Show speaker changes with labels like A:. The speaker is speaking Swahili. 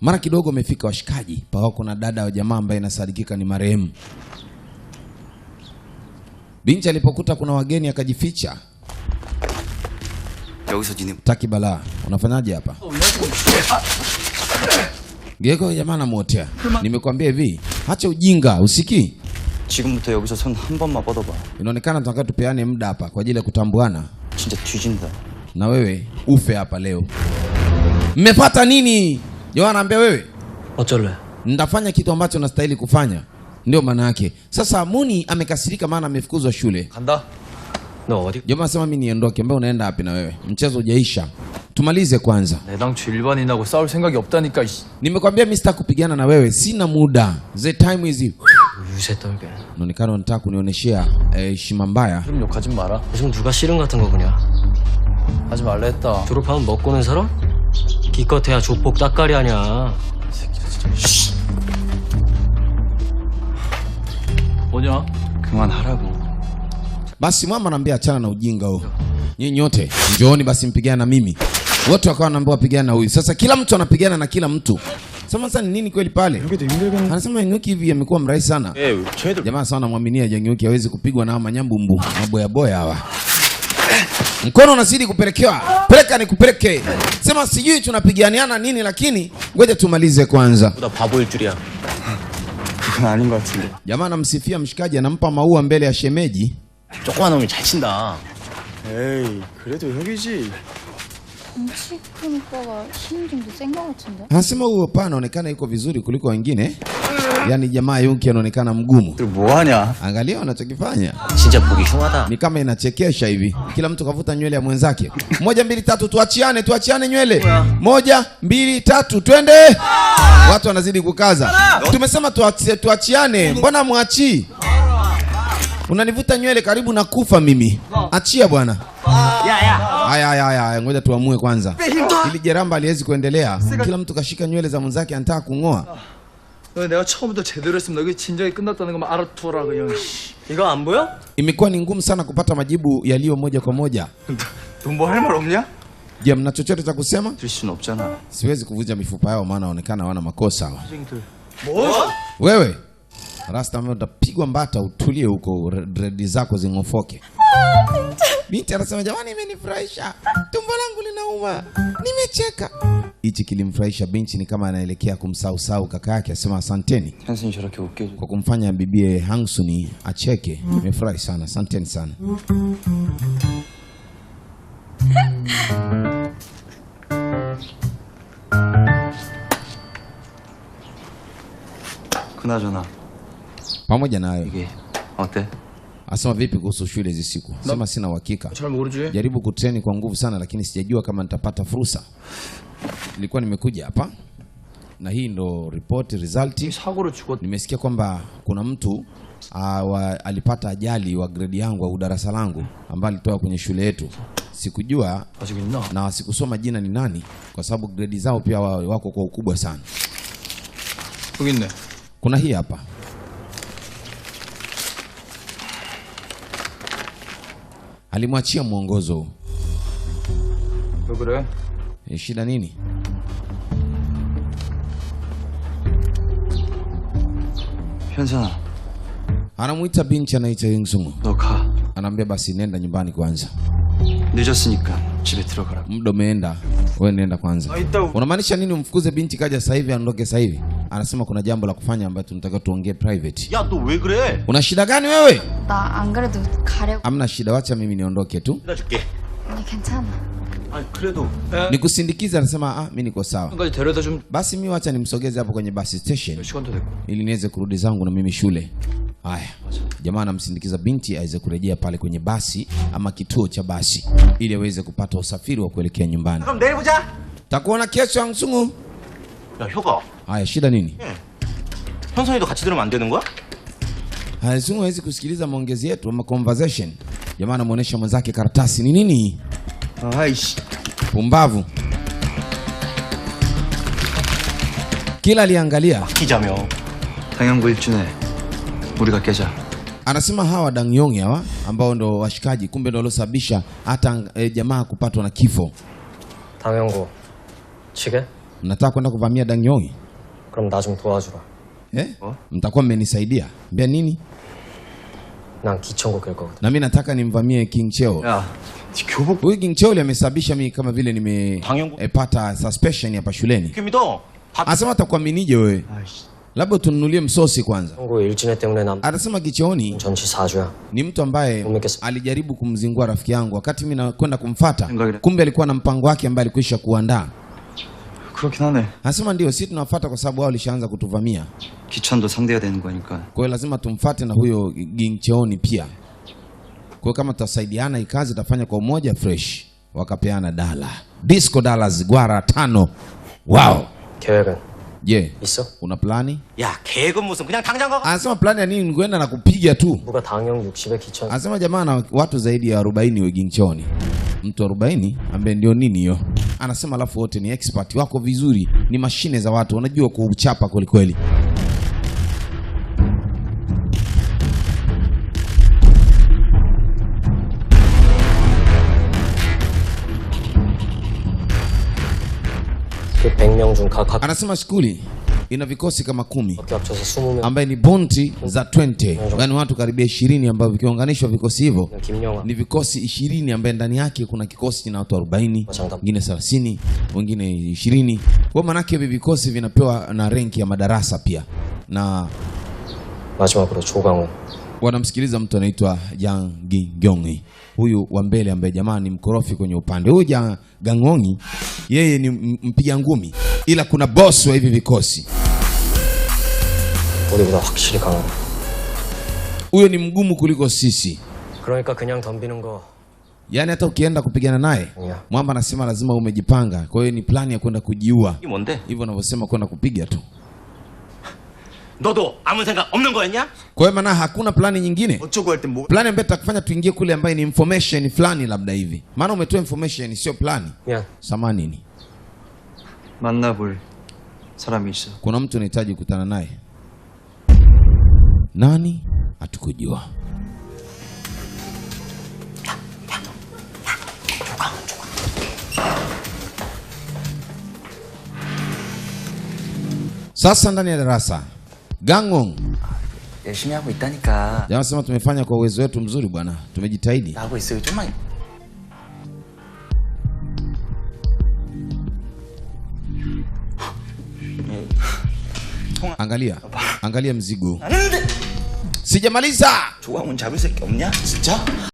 A: Mara kidogo amefika washikaji, pawako na dada wa jamaa ambaye inasadikika ni marehemu. bincha alipokuta kuna wageni akajificha. Taki balaa, unafanyaje hapa? Geko jamaa namwotea Nimekwambia hivi, hacha ujinga, usikii?
B: 지금부터 여기서
A: Inaonekana tunataka tupeane muda hapa kwa ajili ya kutambuana. Na wewe ufe hapa leo. Mmepata nini? Yohana anaambia wewe ndafanya kitu ambacho nastahili kufanya, ndio maana yake. Sasa Muni amekasirika, maana amefukuzwa shule. Jamaa asema mimi niondoke, ambaye unaenda wapi na wewe? Mchezo hujaisha, tumalize kwanza. Nimekwambia mimi sitakupigana na wewe, sina muda. The time is naonekana unataka kunionyeshea eh, heshima eh, mbaya.
B: 기껏해야 조폭 딱가리 아냐. 뭐냐? 그만하라고.
A: Basi mama anaambia achana na ujinga huo. Nyinyi nyote njooni basi mpigana na mimi. Wote wakawa wanaambia wapigana na huyu. Sasa kila mtu anapigana na kila mtu. Sasa sasa ni nini kweli pale? Anasema Nyuki hivi amekuwa mrahisi sana. Eh, Jamaa sana mwaminia Janyuki hawezi kupigwa na manyambumbu maboya hawa. Mkono unazidi kupelekewa, peleka ni kupeleke. Sema sijui tunapiganiana nini, lakini ngoja tumalize kwanza. Jamaa anamsifia mshikaji, anampa maua mbele ya shemeji.
B: Hey,
C: 묵직하니까 힘이
A: Anasema huyo paa anaonekana iko vizuri kuliko wengine. Yaani jamaa yunki anaonekana mgumu. Angalia wanachokifanya. Ni kama inachekesha hivi. Kila mtu kavuta nywele ya mwenzake. Moja, mbili, tatu tuachiane, tuachiane nywele. Moja, mbili, tatu twende. Watu wanazidi kukaza. Tumesema tuachiane. Mbona mwachii Unanivuta nywele karibu na kufa mimi. Achia bwana. Ah. Ah. haya ngoja tuamue kwanza. Ili jeramba aliwezi kuendelea, kila mtu kashika nywele za mwenzake anataka kung'oa. Ah. Imekuwa ni ngumu sana kupata majibu yaliyo moja kwa moja. Je, mna chochote cha kusema? Siwezi kuvunja mifupa yao maana aonekana hawana makosa. Wewe Rasta, utapigwa mbata, utulie huko, redi zako zingofoke. Binti anasema jamani, imenifurahisha, tumbo langu linauma, nimecheka. Hichi kilimfurahisha binti, ni kama anaelekea kumsausau kaka yake, asema asanteni kwa kumfanya bibie Hansuni acheke. Nimefurahi sana, asanteni sana. Pamoja na hayo Asema vipi kuhusu shule hizi siku? Sema sina uhakika. Jaribu kutreni kwa nguvu sana lakini sijajua kama nitapata fursa. Nilikuwa nimekuja hapa na hii ndo report result. Nimesikia kwamba kuna mtu ah, wa, alipata ajali wa gredi yangu au darasa langu ambaye alitoka kwenye shule yetu. Sikujua na sikusoma jina ni nani, kwa sababu gredi zao pia wako kwa ukubwa sana. Kuna hii hapa alimwachia mwongozo. E, shida nini? Hyunsun아. anamuita binti anaita Hyunsungu. anaambia basi nenda nyumbani kwanza.
B: 늦었으니까 집에 들어가라.
A: mdo umeenda, wewe nenda kwanza. Unamaanisha nini? Umfukuze binti kaja sasa hivi, aondoke sasa hivi? anasema kuna jambo la kufanya ambayo tunataka tuongee private.
B: Ya tu we kure.
A: Una shida gani wewe?
C: ta an 그래도 가려고.
A: shida, wacha mimi niondoke tu.
B: Ni
C: 괜찮아.
A: nikusindikiza anasema ah, mimi niko sawa. Basi mimi wacha nimsogeze hapo kwenye bus station ili niweze kurudi zangu na mimi shule. Haya, jamaa anamsindikiza binti aweze kurejea pale kwenye basi ama kituo cha basi ili aweze kupata usafiri wa kuelekea nyumbani. Takuona kesho ya msungu. Haya, shida nini?
B: 현선이도 같이 들으면 안 되는 거야?
A: Haya, Zungu hawezi kusikiliza maongezi yetu ama conversation. Jamaa anamuonesha mwenzake karatasi ni nini? Aish. Pumbavu. Kila aliangalia
B: 끼자며. 당연구 일주네. 우리가 깨자.
A: anasema hawa Dangyong hawa ambao ndo washikaji, kumbe ndo waliosababisha hata e, jamaa kupatwa na kifo.
B: 당연구. 치게?
A: Mnataka kwenda kuvamia Dangyong?
B: 그럼 나 도와주라.
A: 예? 어? Mtakuwa mmenisaidia. Mbia nini?
B: 난 기천고 깰 거거든.
A: Na mimi nataka nimvamie King Cheo.
B: 야, 이
A: Huyu King Cheo amesababisha mimi kama vile Pangyangu- nimepata suspension hapa shuleni. 믿어. Anasema atakuaminije wewe? Labda tununulie msosi kwanza. 천고 일진애 ni mtu ambaye alijaribu kumzingua rafiki yangu wakati mimi nakwenda kumfata, kumbe alikuwa na mpango wake ambaye alikwisha kuandaa. 그렇긴 하네. Anasema ndio, sisi tunafuata kwa sababu wao walishaanza kutuvamia.
B: 기천도 상대가 되는 거니까. Kwa
A: hiyo lazima tumfuate na huyo Gingcheoni pia. Kwa kama tutasaidiana, kazi itafanya kwa umoja fresh. Wakapeana dala disco dollars gwara tano. Wow. 계획은 Je, 있어? una plani?
B: 야 계획은 무슨 그냥 당장 가가.
A: Anasema plani ya nini? Ni na kupiga tu.
B: 누가 당형 60에 기천.
A: Anasema jamaa na watu zaidi ya 40 we Gingcheoni, mtu 40 ambaye ndio nini hiyo anasema, alafu wote ni expert wako vizuri, ni mashine za watu, wanajua kuchapa kwelikweli. anasema skuli ina vikosi kama kumi ambaye ni bonti za 20 yaani watu karibia ishirini ambao vikiunganishwa vikosi hivyo ni vikosi ishirini ambaye ndani yake kuna kikosi kina watu arobaini wengine thelathini wengine ishirini kwa maanake hivi vikosi vinapewa na renki ya madarasa pia na wanamsikiliza mtu anaitwa Jang huyu wa mbele ambaye jamaa ni mkorofi kwenye upande. Huyu Jang Gangongi yeye ni mpiga ngumi ila kuna bosi wa hivi vikosi. Huyo ni mgumu kuliko sisi, yaani hata ukienda kupigana naye yeah. Mwamba anasema lazima umejipanga, kwa hiyo ni plani ya kwenda kujiua, hivyo anavyosema kwenda kupiga tu kwa hiyo maana hakuna plani nyingine, plani ambayo tutakufanya tuingie kule, ambaye ni information fulani labda hivi, maana umetoa information, sio plani yeah. sama
B: 만나볼 사람이 있어.
A: Kuna mtu anahitaji kukutana naye. Nani? Hatukujua. Sasa ndani ya darasa Gangong
B: 열심히 하고 있다니까.
A: Jamaa sema tumefanya kwa uwezo wetu mzuri bwana, tumejitahidi.
B: 하고 있어요. 정말
A: Angalia, angalia mzigo, sijamaliza.